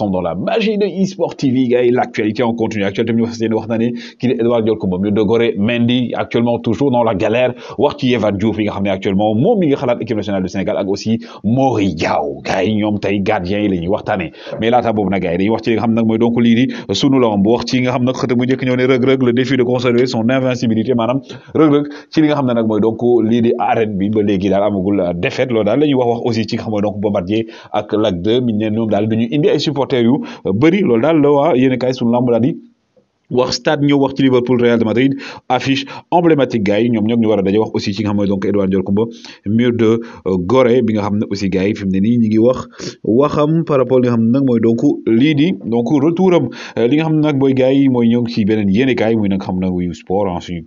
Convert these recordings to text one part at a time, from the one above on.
ensemble dans la magie de eSport TV gars l'actualité en continue. Actuellement, bi ñu fas qui est Edouard Diol Koumba mi Mendy actuellement toujours dans la galère wax ci Diouf actuellement moom mi ngi xalaat équipe nationale du Sénégal ak aussi Mori Diaw gars yi Tay, gardien yi la ñuy Mais mais laata boobu nag gars yi dañuy wax ci nga xam donc lii di sunu lamb wax ci nga xam nag xët mu njëkk ñëw ne le défi de conserver son invincibilité madame. Reug Reug ci li nga xam donc lii di arène bi ba léegi amagul défaite loolu daal la wax wax aussi ci nga xam mooy Bombardier ak Lac 2 mi ne ñoom daal duñu indi ay support supporters yu euh, bëri loolu daal la waa yéen a kaay suñu lamb daal di wax stade ñëw wax ci Liverpool Real de Madrid affiche emblématique gars yi ñoom ñoom ñu war a wax aussi ci nga xam mooy donc Edouard Diol Koumba mur de Gorée bi nga xam ne aussi gars yi fi mu ne nii ñu ngi wax waxam par rapport li nga xam ne nag mooy donc lii di donc retour li nga xam ne nag mooy gars yi mooy ñoo ngi ci beneen yéene kaay muy nag xam nag yu sport ah suñu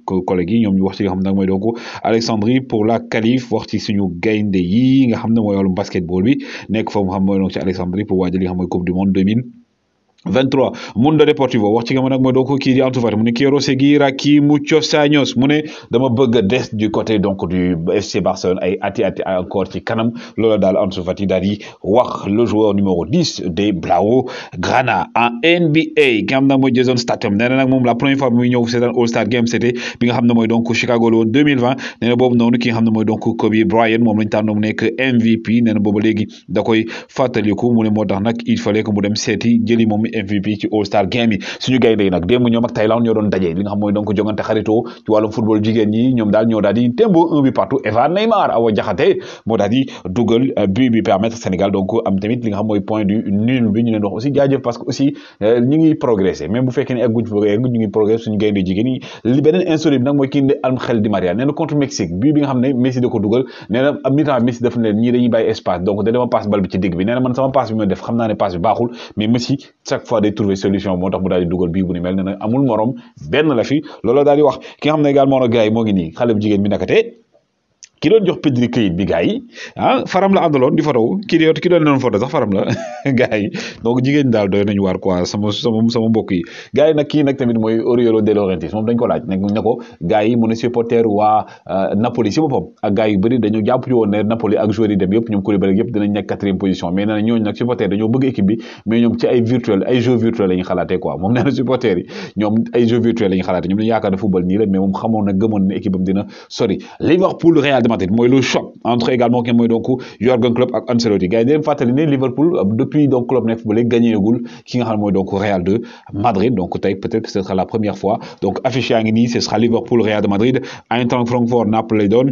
yi ñoom ñu wax ci nga xam ne nag mooy donc Alexandrie pour la qualif wax ci suñu gaynde yi nga xam ne mooy wàllum basketball bi nekk fa 23 Mundo Deportivo wax ci nga ma nag mooy ko kii di Ansu mune mu ne Quiero dama bëgg dess du côté donc du FC Barcelone ay ati ati encore ci kanam loola dal Ansu yi dal yi wax le joueur numéro 10 des Blaugrana en NBA gam na mo mooy Jason Statham nak mom la première fois bi muy ñëw All Star Game c'était bi nga xam moy donc Chicago la 2020 nee bobu nonu ki nga xam moy donc Kobe Bryant mom lañu tànn mu MVP nee bobu légui da koy fatali mu mune motax nak il fallait que mu dem séti jëli mom MVP ci All Star game yi suñu gaynde nag démb ñoom ak Thaïlande ñoo doon daje li nga donc jongante xaritoo ci football jigéen ñoom daal ñoo daal di témbo un bi partout Eva Neymar euh, Sénégal donc tamit li nga point du nul bi ñu leen aussi jaajëf parce que aussi euh, ñu ngi progressé bu fekkee ne egguñ fa egguñ ñu ngi progressé suñu gaynde jigéen ñi li beneen insolite bi nag mooy kii di Ángel Di María Mexique but nga xam ne Messi chaque fois day trouver solution moo tax mu daal di dugal bii bu ni mel ne amul morom benn la fi daal di wax ki nga ne également nag gars yi moo ngi nii xale bu jigéen ki jox Pedri këyit bi gars yi ah di fotow ki doon ki doon sax faram la gars yi daal doy nañu waar quoi sama sama sama mbokk yi gars tamit mooy Aurelio De Laurentiis moom dañ euh, na ñooñu nag supporter dañoo équipe bi mais ñoom ci ay virtuel ay jeux virtuel la ñu xalaatee moom nee na supporter ay jeux virtuel la ñu xalaatee ñoom dañu yaakaar football nii la mais moom xamoon na gëmoon ne équipe am dina sori Liverpool xamante ni choc entre également est moy donc Jürgen Klopp ak Ancelotti gars yi fatali fàttali Liverpool euh, depuis donc Klopp nekk ba gagné goul ki nga xam moy donc Real de Madrid donc tay peut-être que ce sera la première fois donc affiché yaa ngi ni ce sera Liverpool Real de Madrid à temps Francfort Naples les donne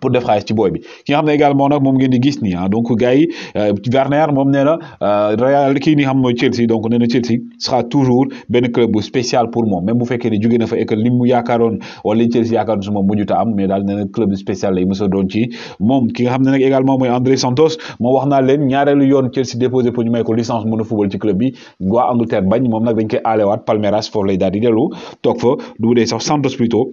pour def xaalis ci boy bi ki nga xamne également nak mom ngeen di gis ni ah, donc gars yi euh, Werner mom nee euh, Real kii ni xam Chelsea donc neena Chelsea sera toujours ben club spécial pour moi. même bu fekkee ne jóge na fa et que yakaron wala li Chelsea yakaron su moom mujjuta am mais dal neena club spécial lay mos a doon ci mom ki nga xamne nak également moy André Santos mo wax naa leen ñaareelu yoon Chelsea déposé pour ñu may ko licence mëna football ci club bi waa Angleterre bañ mom nak dañ koy aalewaat Palmeiras foofu lay dal di delu tok fa du dee sax Santos plutôt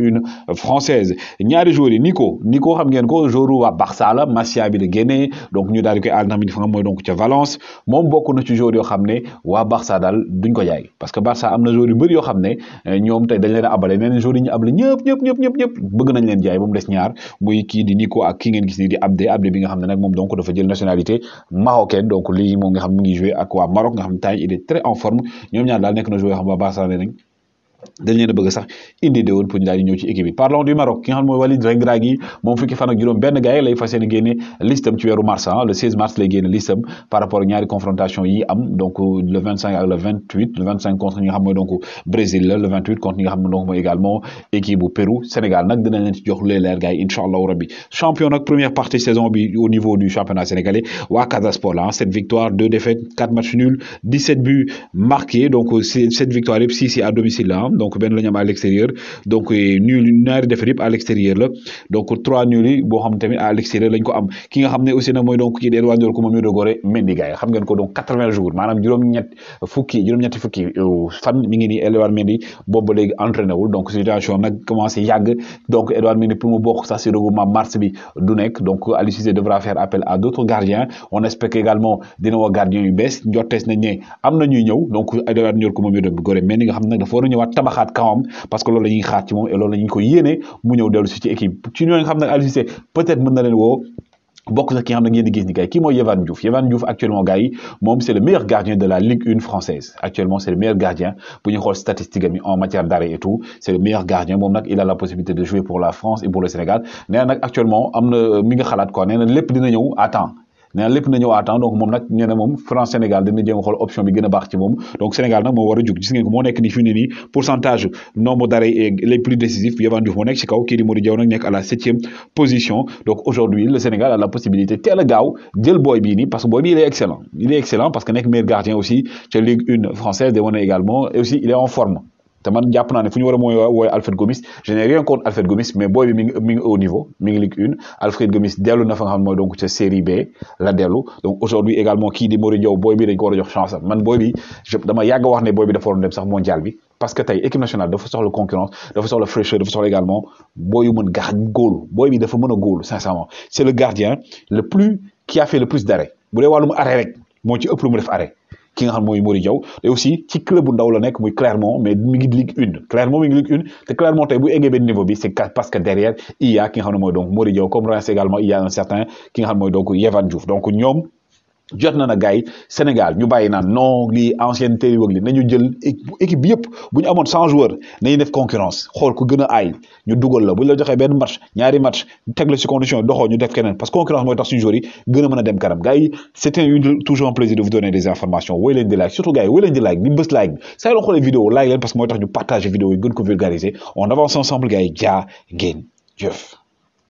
une française ñaari joueurs yi Nico Nico xam ngeen ko joueur wa Barça la Masia bi la génnee donc ñu daal ko koy àll tamit fa nga mooy donc ci Valence mom bokku na ci joueur yo xam wa Barça dal duñ ko jaay parce que Barça amna na joueur yu bëri yo xam ne euh, ñoom tey dañ leen abalé abale nee joueur yi ñu abale ñepp ñepp ñepp ñepp ñepp bëgg nañ leen jaay bu mu dess ñaar muy ki di Nico ak ki ngeen gis ni di Abdé Abdé bi nga xam nak mom donc dafa jël nationalité marocaine donc li mo nga xam ne mi ngi jouer ak wa Maroc nga xam tay il est très en forme ñoom ñaar dal nek na joueur yoo xam waa Barça nee nañ dañ leen a bëgg sax indi de woon pour ñu daal di ñëw ci équipe bi parlons du Maroc ki nga xam mooy Walid Regragui moom fukki fan ak juróom benn gars yi lay fas yéene génne listam ci weeru mars ah le 16 mars lay génne listam par rapport ak ñaari confrontation yi am donc euh, le 25 ak le 28 le 25 contre ñi nga xam mooy donc Brésil la le 28 contre ñi nga xam donc mooy également équipe bu Pérou Sénégal nag dinañ leen ci jox lu leer gars yi incha allahu rabbi champion nag première partie saison bi au niveau du championnat sénégalais waa Casa Sport la ah, cette victoire deux défaites quatre matchs nuls 17 buts marqués donc cette euh, victoires yëpp 6 à domicile la ah am donc benn la ñu am à l'extérieur donc nul ñaari defar yëpp à l'extérieur la donc trois nul yi boo xam tamit à l'extérieur lañ ko am ki nga xam ne aussi nag mooy donc ci di Edouard Ndiol ko moom ñu dogoree Mendy xam ngeen ko donc quatre jours maanaam juróom-ñett fukki juróom-ñetti fukki euh, fan mi ngi nii Edouard Mendy boobu léegi entraîné wul donc situation nag commencé yàgg donc Edouard Mendy pour mu bokk sax si regroupement mars bi du nekk donc Aliou Cissé devra faire appel à d'autres gardiens on espère également dina woo gardien yu bees njortees nañ ne am na ñuy ñëw donc Edouard Ndiol ko moom ñu dogoree Mendy nga xam nag dafa war a ñëwaat tabaxaat kawam parce que loolu la ñuy xaar ci moom et loolu la ñu ko yéene mu ñëw dellu si ci équipe ci ñooñu xam ne Aliou peut-être mën na leen woo. bokk na ki nga xam ne ngeen di gis ni gars yi kii mooy Diouf Yehvan Diouf actuellement gars yi moom c'est le meilleur gardien de la Ligue 1 française actuellement c'est le meilleur gardien bu ñu xool statistique am en matière d'arrêt et tout c'est le meilleur gardien moom nag il a la possibilité de jouer pour la France et pour le Sénégal nee na nag actuellement am na mi nga xalaat quoi nee na lépp dina ñëw à temps nee na lépp na ñëw ah, donc moom nag nee na moom France Sénégal dina jéem a xool option bi gën a baax ci moom donc Sénégal nag moo war a jug gis ngeen ko moo nekk ni fi ne nii pourcentage nombre d'arrêts les plus décisifs Yehvan Diouf moo nekk ci kaw kii di Modou Diaw nag nekk à la septième position donc aujourd'hui le Sénégal a la possibilité teel a gaaw jël boy bii nii parce que boy bi il est excellent il est excellent parce que nekk meilleur gardien aussi ca Ligue 1 française de wane également et aussi il est en forme te man jàpp naa ne fu ñu war a mooy wooy Alfred Gomis je n'ai rien contre Alfred Gomis mais boy bi mi ngi mi ngi au niveau mi ngi Ligue une Alfred Gomis dellu na fa nga xam mooy donc ca série B la dellu donc aujourd'hui également kii di Mori Diaw bi dañ ko war a jox chance am man boy bi dama yàgg wax ne boy bi dafa waroon dem sax mondial bi parce que tey équipe nationale dafa soxla concurrence dafa soxla fraîcheur dafa soxla également boy yu mën gar góolu boy bi dafa mën a góolu sincèrement c'est le gardien le plus qui a fait le plus d'arrêt bu dee wàllum arrêt rek moo ci ëpp lu mu def arrêt ki nga xam mooy Mori Diaw te aussi ci club bu ndaw la nekk muy clairement mais mi ngi Ligue 1 clairement mi ngi Ligue 1 te clairement tey bu eggee benn niveau bi c'est parce que derrière il y a ki nga xam ne mooy donc Mori Diaw comme Reims également il y a un certain ki nga xam mooy donc Yehvan Diouf donc ñoom jot na na gars Sénégal ñu bàyyi naan non li ancienne yi wëg li nañu jël équipe bi yëpp bu ñu amoon cent joueurs nañu def concurrence xool ku gën a aay ñu dugal la bu la joxee benn match ñaari match teg la si condition doxoo ñu def keneen parce que concurrence mooy tax suñu joueur yi gën a mën a dem kanam gars yi c'était toujours un plaisir de vous donner des informations woy leen di like surtout gars yi woy leen di like di bës like bi saa yoo xoolee vidéo like leen parce que mooy tax ñu partager vidéo yi gën ko vulgariser on avance ensemble gars yi jaa ngeen jëf